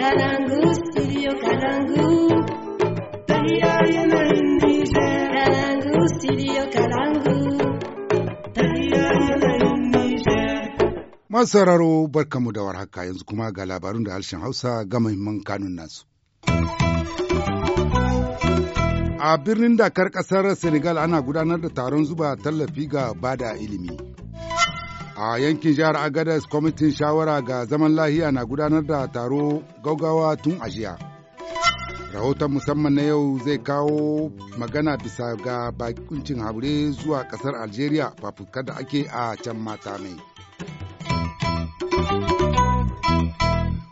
Kalangu, studio Kalangu. Kalangu, studio Kalangu. Masu sauraro barkamu da warhaka yanzu kuma ga labarun da harshen Hausa ga muhimman kanun nasu. A birnin Dakar ƙasar Senegal ana gudanar da taron zuba tallafi ga bada ilimi. a yankin jihar agadas kwamitin shawara ga zaman lahiya na gudanar da taro gaugawa tun a rahoton musamman na yau zai kawo magana bisa ga bakuncin haure zuwa kasar algeria fafuka da ake a can mata mai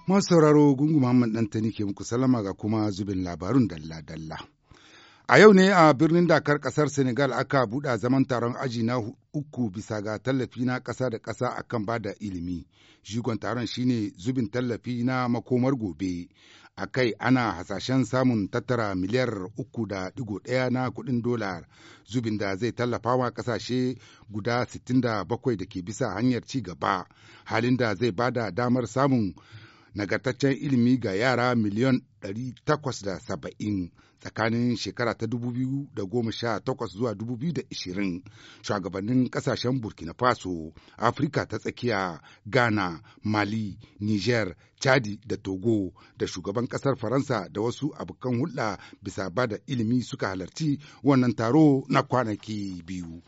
masu sauraro gungu muhammad ta ke muku salama ga kuma zubin labarun dalla-dalla A yau ne a birnin Dakar ƙasar Senegal aka buɗa zaman taron aji na uku bisa ga tallafi na ƙasa da ƙasa kan ba da ilimi. Jigon taron shine zubin tallafi na makomar gobe. A kai ana hasashen samun tattara miliyar uku da digo ɗaya na kuɗin dolar zubin da zai tallafa wa ƙasashe guda 67 da ke bisa hanyar ci gaba, halin da zai ba da damar samun nagartaccen ilimi ga yara miliyon 870. tsakanin shekara ta 2018 zuwa 2020 shugabannin kasashen burkina faso afirka ta tsakiya ghana mali niger chadi da togo da shugaban kasar faransa da wasu abokan hulɗa bisa ba da ilimi suka halarci wannan taro na kwanaki biyu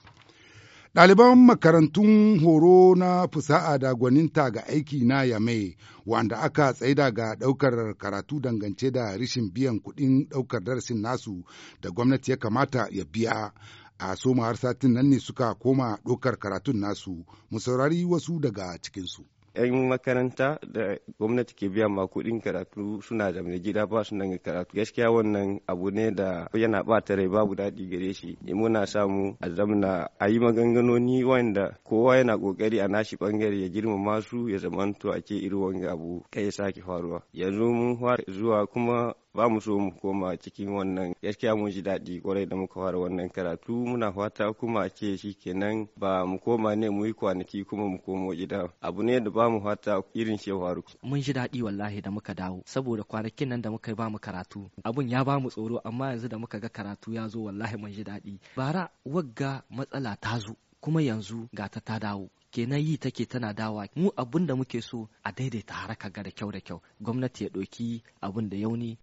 Ɗaliban makarantun horo na fusa'a da gwaninta ga aiki na yame wanda aka tsaida ga ɗaukar karatu dangance da rishin biyan kuɗin ɗaukar darasin nasu da gwamnati ya kamata ya biya. A soma har satin nan ne suka koma ɗaukar karatun nasu, mu saurari wasu daga cikinsu. 'yan makaranta da gwamnati ke biya ma kuɗin karatu suna da mai gida ba su nan karatu gaskiya wannan abu ne da yana ɓata rai babu daɗi gare shi muna samu a zamna a yi maganganoni wanda kowa yana ƙoƙari a nashi bangare ya girmama su ya zamanto a ke irin wani abu kai sake faruwa yanzu mun zuwa kuma ba mu so mu koma cikin wannan gaskiya mun ji daɗi kwarai da muka fara wannan karatu muna fata kuma ce kenan ba mu koma ne mu yi kwanaki kuma mu komo gida abu ne da ba mu fata irin shi faru mun ji daɗi wallahi da muka dawo saboda kwanakin nan da muka ba mu karatu abun ya ba mu tsoro amma yanzu da muka ga karatu ya zo wallahi mun ji daɗi bara wagga matsala ta zo kuma yanzu ga ta ta dawo kenan yi take tana dawa mu abun da muke so a daidaita haraka ga da kyau da kyau gwamnati ya ɗauki abun da yauni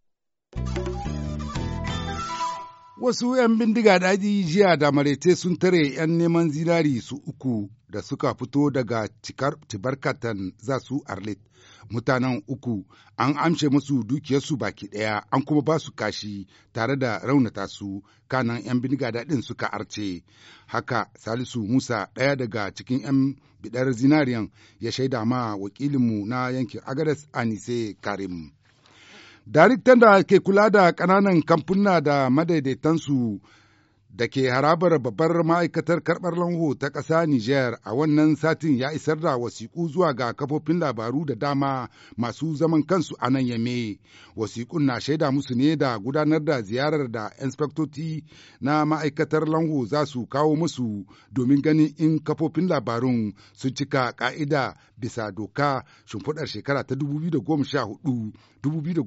Wasu ‘yan bindiga daji jiya da maraice sun tare ‘yan neman zinari su uku da suka fito daga tibarkatan za su arlit. Mutanen uku an amshe musu dukiyarsu baki ɗaya an kuma ba su kashi tare da raunata su kanan ‘yan bindiga daɗin suka arce. Haka Salisu Musa ɗaya daga cikin ‘yan bidar zinariyan ya shaida ma wakilinmu na yankin Agadas Anise Karim. Daraktan da ke kula da ƙananan kamfuna da madaidaitansu da ke harabar babbar ma'aikatar karɓar lanho ta ƙasa Nijar a wannan satin ya isar da wasiƙu zuwa ga kafofin labaru da dama masu zaman kansu a nan yame. Wasiƙun na shaida musu ne da gudanar da ziyarar da inspektoti na ma'aikatar lanho za su kawo musu domin ganin in kafofin labarun sun cika ƙa'ida bisa doka shimfiɗar shekara ta 2014, 2015,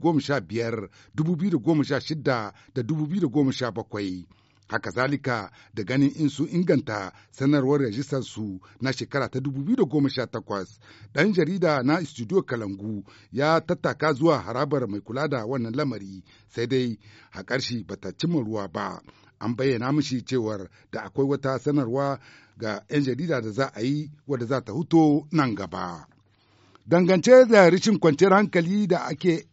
2016 da 2017. haka zalika da ganin in su inganta sanarwar rajistar su na shekara ta 2018 ɗan jarida na studio kalangu ya tattaka zuwa harabar mai kula da wannan lamari sai dai a ƙarshe bata cimma ruwa ba an bayyana mishi cewar da akwai wata sanarwa ga 'yan jarida da za a yi wadda za ta huto nan gaba dangance da rishin kwanciyar hankali da ake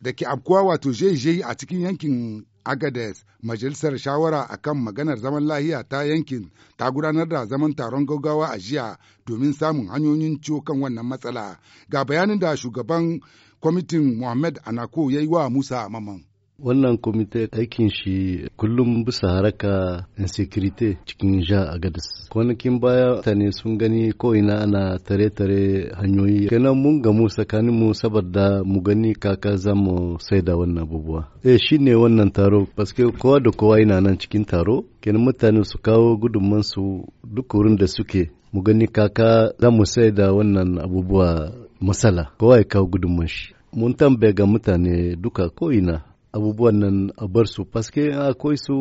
da ke afkuwa wato jeji a cikin yankin agades majalisar shawara akan maganar zaman lahiya ta yankin ta gudanar da zaman taron gaggawa a jiya domin samun hanyoyin ciwo kan wannan matsala ga bayanin da shugaban kwamitin muhammad anako ya yi wa musa maman wannan kwamite aikin shi kullum bisa haraka in insecurity cikin ja a gadis kwanakin baya mutane sun gani ko'ina ana tare-tare hanyoyi kenan mun gamu tsakanin mu saboda mu gani kaka za mu saida wannan abubuwa eh shi ne wannan taro paske kowa da kowa yana nan cikin taro kenan mutane su kawo gudunmansu duk wurin da suke mu gani kaka za mu saida wannan abubuwa masala kowa ya kawo gudunman shi mun tambaye ga mutane duka ko'ina abubuwan nan a bar su paske akwai su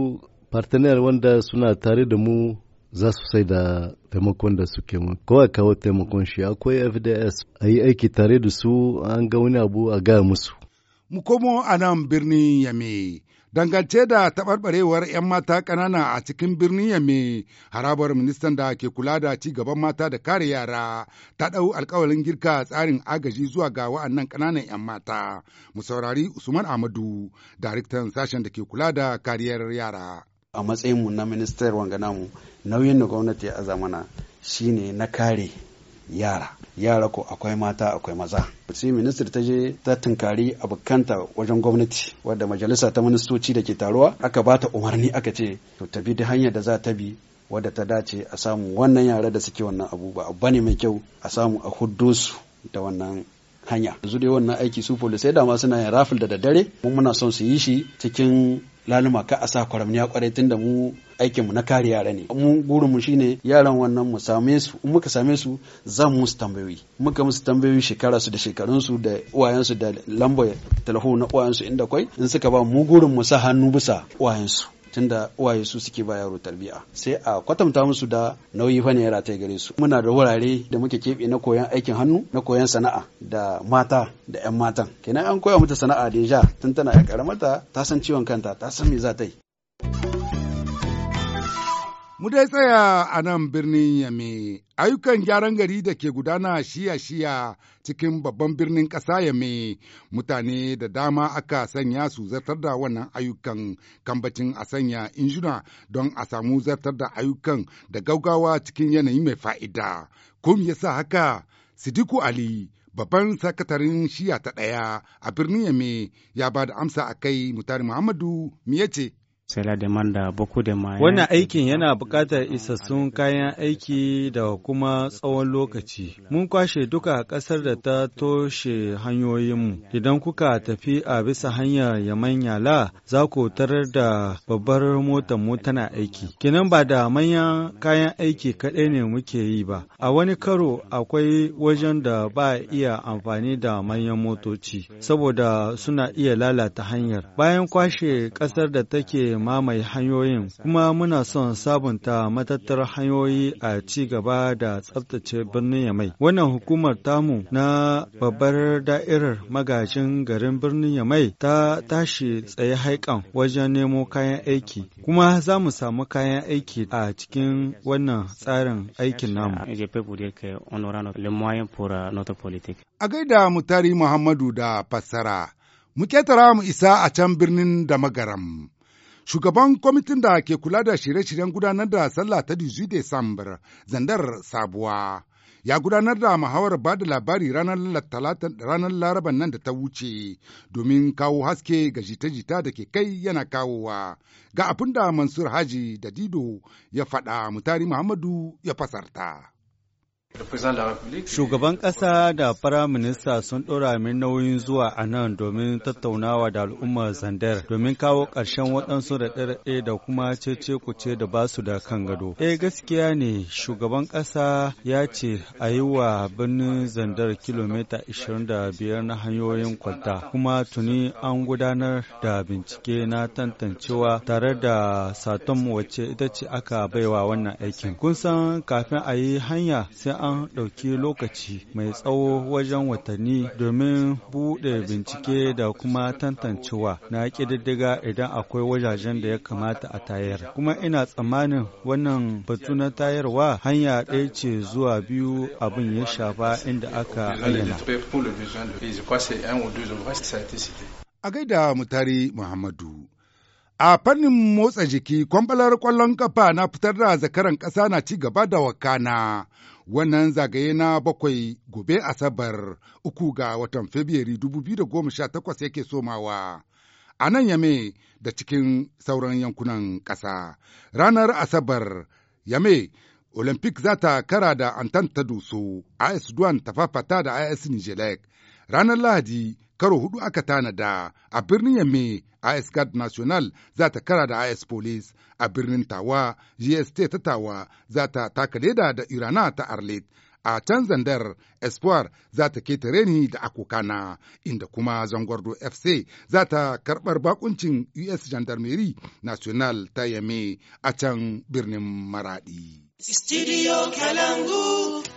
partenaire wanda suna tare da mu za su sai da taimakon da suke mu a kawo taimakon shi akwai fds a yi aiki tare da su an ga wani abu a gaya musu mu komo a nan birnin yame Dangance da taɓarɓarewar 'yan mata ƙanana a cikin birnin yame harabar ministan da ke kula da ci gaban mata da kare yara ta ɗau alkawalin girka tsarin agaji zuwa ga wa'annan ƙananan 'yan mata. Mu saurari Usman Amadu, daraktan sashen da ke kula da kariyar yara. A matsayinmu na ministar wanga namu, nauyin da gwamnati a zamana shine na kare yara yara ko akwai mata akwai maza sai minister ta je ta tunkari abokanta wajen gwamnati wadda majalisa ta ministoci da ke taruwa aka bata umarni aka ce to ta bi da hanyar da za ta bi wadda ta dace a samu wannan yara da suke wannan abu ba abu bane mai kyau a samu a huddo su da wannan hanya yanzu dai wannan aiki su polisai dama suna yin rafil da daddare mun muna son su yi shi cikin lalima ka a sa a kwarai tun da mu aikin mu na kare yara ne mu gurin mu shine yaran wannan mu same su in muka same su zan musu tambayoyi muka musu tambayoyi shekara su da shekarun su da uwayen su da lambar telefon na uwayen su inda kwai in suka ba mu gurin mu sa hannu bisa uwayen su tunda uwaye su suke ba yaro tarbiya sai a kwatanta musu da nauyi fa ne ya gare su muna da wurare da muke keɓe na koyon aikin hannu na koyon sana'a da mata da 'yan matan kenan an koya mata sana'a deja tun tana ƙaramar ta ta san ciwon kanta ta san me za ta yi Mu dai tsaya a nan birnin Yame, ayyukan gyaran gari da ke gudana shiya-shiya cikin babban birnin ƙasa Yame, mutane da dama aka sanya su zartar da wannan ayyukan kambacin a sanya injuna don a samu zartar da ayyukan da gaugawa cikin yanayi mai fa'ida. Kum sa haka, Sidiku Ali, babban sakatarin shiya ta ɗaya a birnin Yame, ya ba da amsa a kai mutane. Muhammadu, me ya Wannan aikin yana buƙatar isassun kayan aiki da kuma tsawon lokaci. Mun kwashe duka ƙasar da ta toshe hanyoyinmu. Idan kuka tafi a bisa hanyar la, za ku tarar da babbar motar mu tana aiki. Kinan ba da manyan kayan aiki kaɗai ne muke yi ba. A wani karo akwai wajen da ba iya amfani da manyan motoci saboda suna iya lalata hanyar. Bayan kwashe ƙasar da take mamaye hanyoyin kuma muna son sabunta matattar hanyoyi a ci gaba da tsabtace birnin Yamai. Wannan hukumar tamu na babbar da'irar magajin garin birnin Yamai ta tashi tsaye haikan wajen nemo kayan aiki. Kuma za mu samu kayan aiki a cikin wannan tsarin aikin namu. Euh, a gaida Mutari Muhammadu da fassara, mu ketara mu isa a can birnin da magaram. Shugaban kwamitin da ke kula da shirye-shiryen gudanar da sallah ta Dizu Desambar, zandar sabuwa. ya gudanar da muhawarar ba da labari ranar laraban nan da ta wuce domin kawo haske ga jita-jita da ke kai yana kawowa ga abin da mansur haji da dido ya faɗa mutari muhammadu ya fasarta. Shugaban ƙasa da Firaminista sun ɗora min nauyin zuwa a nan domin tattaunawa da al'ummar Zandar domin kawo ƙarshen waɗansu raɗe-raɗe da kuma cece kuce da ba su da kan gado. Eh gaskiya ne shugaban ƙasa ya ce a yi wa birnin Zandar kilomita 25 na hanyoyin kwalta kuma tuni an gudanar da bincike na tantancewa tare da satan wacce ita ce aka baiwa wannan aikin. Kun san kafin a yi hanya sai an ɗauki lokaci mai tsawo wajen watanni domin buɗe bincike da kuma tantancewa na ƙididdiga idan akwai wajajen da ya kamata a tayar. Kuma ina tsammanin wannan batu na tayarwa hanya ɗaya ce zuwa biyu abin ya shafa inda aka ayyana. A gaida mutari Muhammadu. A fannin motsa jiki, kwambalar kwallon kafa na fitar da zakaran ƙasa na ci gaba da wakana. Wannan zagaye na bakwai gobe Asabar uku ga watan Fabrairu 2018 yake somawa. A nan yame da cikin sauran yankunan ƙasa. Ranar Asabar yame Olympic za ta kara da Antanta Doso, is Duan ta fafata da is Nijelek. Ranar Lahadi karo hudu aka tanada a birnin yame IS Guard National za ta kara da IS Police a birnin Tawa, GST ta Tawa za ta taka leda da Irana ta Arlet. A can zandar Espoir za ta ketare ni da Akokana, inda kuma Zangwardo FC za ta karɓar bakuncin US Gendarmerie National ta Yame a can birnin maraɗi. Studio Kalangu.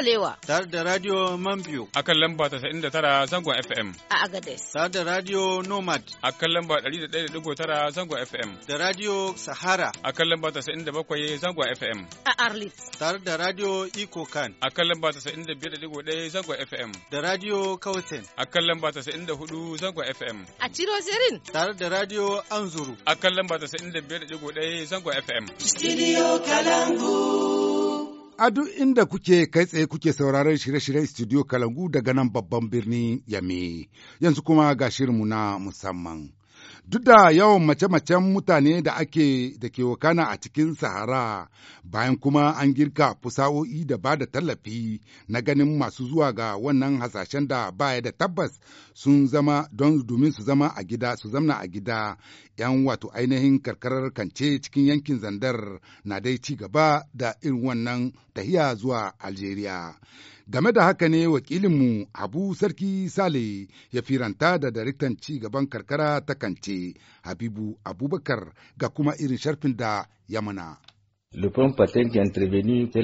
Kabalewa. Tare da Radio Mambiyo. A kan lamba tara zangon FM. A Agades. Tare da Radio Nomad. A kan lamba tara zangon FM. Da Radio Sahara. A kan lamba bakwai zangon FM. A Arlit. Tare da Radio Iko Kan. A kan lamba ɗaya zangon FM. Da Radio Kautin. A kan lamba hudu zangon FM. A Ciro Zerin. Tare da Radio Anzuru. A kan lamba 95.1 zangon FM. Studio Kalangu. A duk inda kuke kai tsaye kuke sauraron shirye-shiryen studio Kalangu daga nan babban birnin yami yanzu kuma ga shirinmu na musamman. Duk da yawan mace-macen mutane da ake da ke wakana a cikin Sahara, bayan kuma an girka fusa'o'i da ba da tallafi na ganin masu zuwa ga wannan hasashen da baya da tabbas sun zama don domin su zama a gida su zamna a gida 'yan wato ainihin karkarar kance cikin yankin zandar na dai ci gaba da irin wannan tahiya zuwa Algeria. Game da haka ne wakilinmu Habu Sarki Sale ya firanta da daraktan ci gaban karkara ta kance. ce Habibu Abubakar ga kuma irin sharfin da ya mana.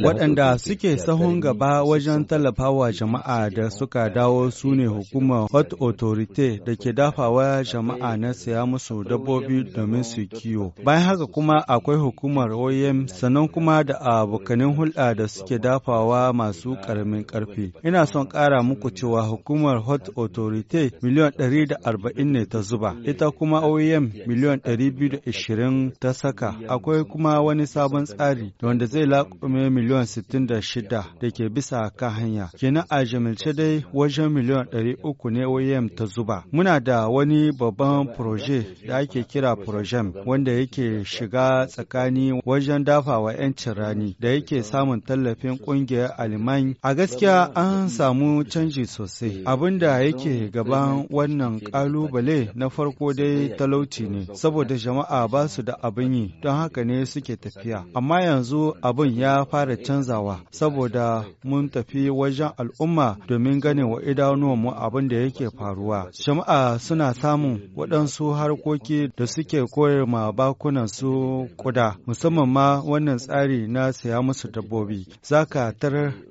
Waɗanda suke sahun gaba wajen tallafawa jama'a da suka dawo su ne hukumar Hot Authority da ke dafawa jama'a na saya musu dabbobi domin su kiwo. Bayan haka kuma akwai hukumar OEM sannan kuma da abokanin hulɗa da suke dafawa masu ƙaramin ƙarfi. Ina son ƙara muku cewa hukumar Hot Authority miliyon 140 ne ta zuba, ita kuma OEM miliyon 220 ta saka. Akwai kuma wani sabon tsari wanda zai laƙume miliyan 66 da ke bisa kan hanya. Kenan a jimilce dai wajen miliyan 300 ne OEM ta zuba. Muna da wani babban proje da ake kira projem wanda yake shiga tsakani wajen dafawa 'yancin rani da yake samun tallafin ƙungiyar Aliman. A gaskiya an samu canji sosai. Abin da yake gaban wannan ƙalubale na farko dai talauci ne, saboda jama'a ba su da abin yi don haka ne suke tafiya. amma yanzu abin ya fara canzawa saboda mun tafi wajen al'umma domin ganin wa idanuwanmu abin da yake faruwa. Shama'a suna samun waɗansu harkoki da suke koyar ma bakunan su kuda, musamman ma wannan tsari na saya musu dabbobi. Za ka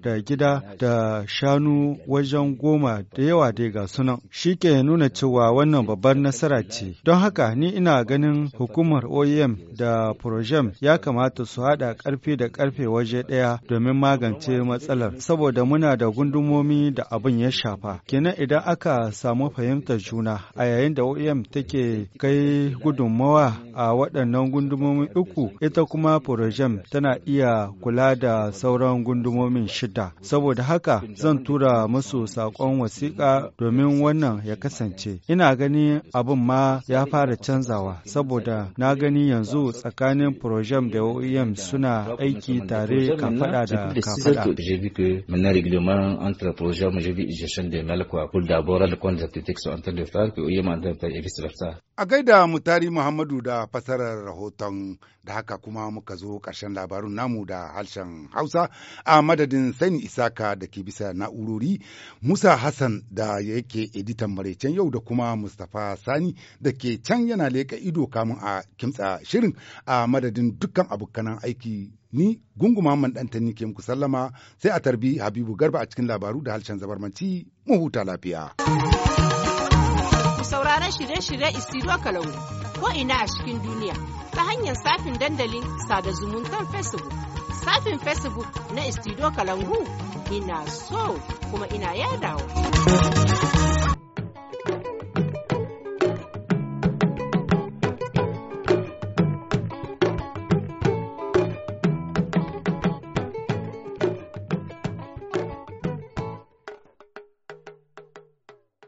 da gida da shanu wajen goma da yawa dai ga sunan. Shi ke nuna cewa wannan babbar nasara ce. Don haka ni ina ganin hukumar OEM da Projem ya kamata su fada karfi da karfe waje ɗaya domin magance matsalar saboda muna da gundumomi da abin ya shafa. Kenan idan aka samu fahimtar juna a yayin da OEM take kai gudunmawa a waɗannan gundumomi uku ita kuma Projem tana iya kula da sauran gundumomin shida. Saboda haka zan tura musu saƙon wasiƙa domin wannan ya kasance. Ina gani abin ma ya fara canzawa saboda na gani yanzu tsakanin Projem da OEM suna aiki tare ka fada da ka fada. A gaida mutari Muhammadu da fasarar rahoton da haka kuma muka zo karshen labarun namu da harshen Hausa a madadin Sani Isaka da ke bisa na'urori, Musa Hassan da yake editan maraicen yau da kuma Mustapha Sani da ke can yana leƙa ido kamun a kimtsa shirin a madadin dukkan abokanan aiki ni gungu Muhammad Danta ni ke muku sallama sai a tarbi Habibu Garba a cikin labaru da halshen zabarmanci mu huta lafiya. Ku sauraron shirye-shirye Isiro Kalau ko ina a cikin duniya ta hanyar safin dandalin sada zumuntar Facebook. Safin Facebook na Isiro Kalangu ina so kuma ina yadawa.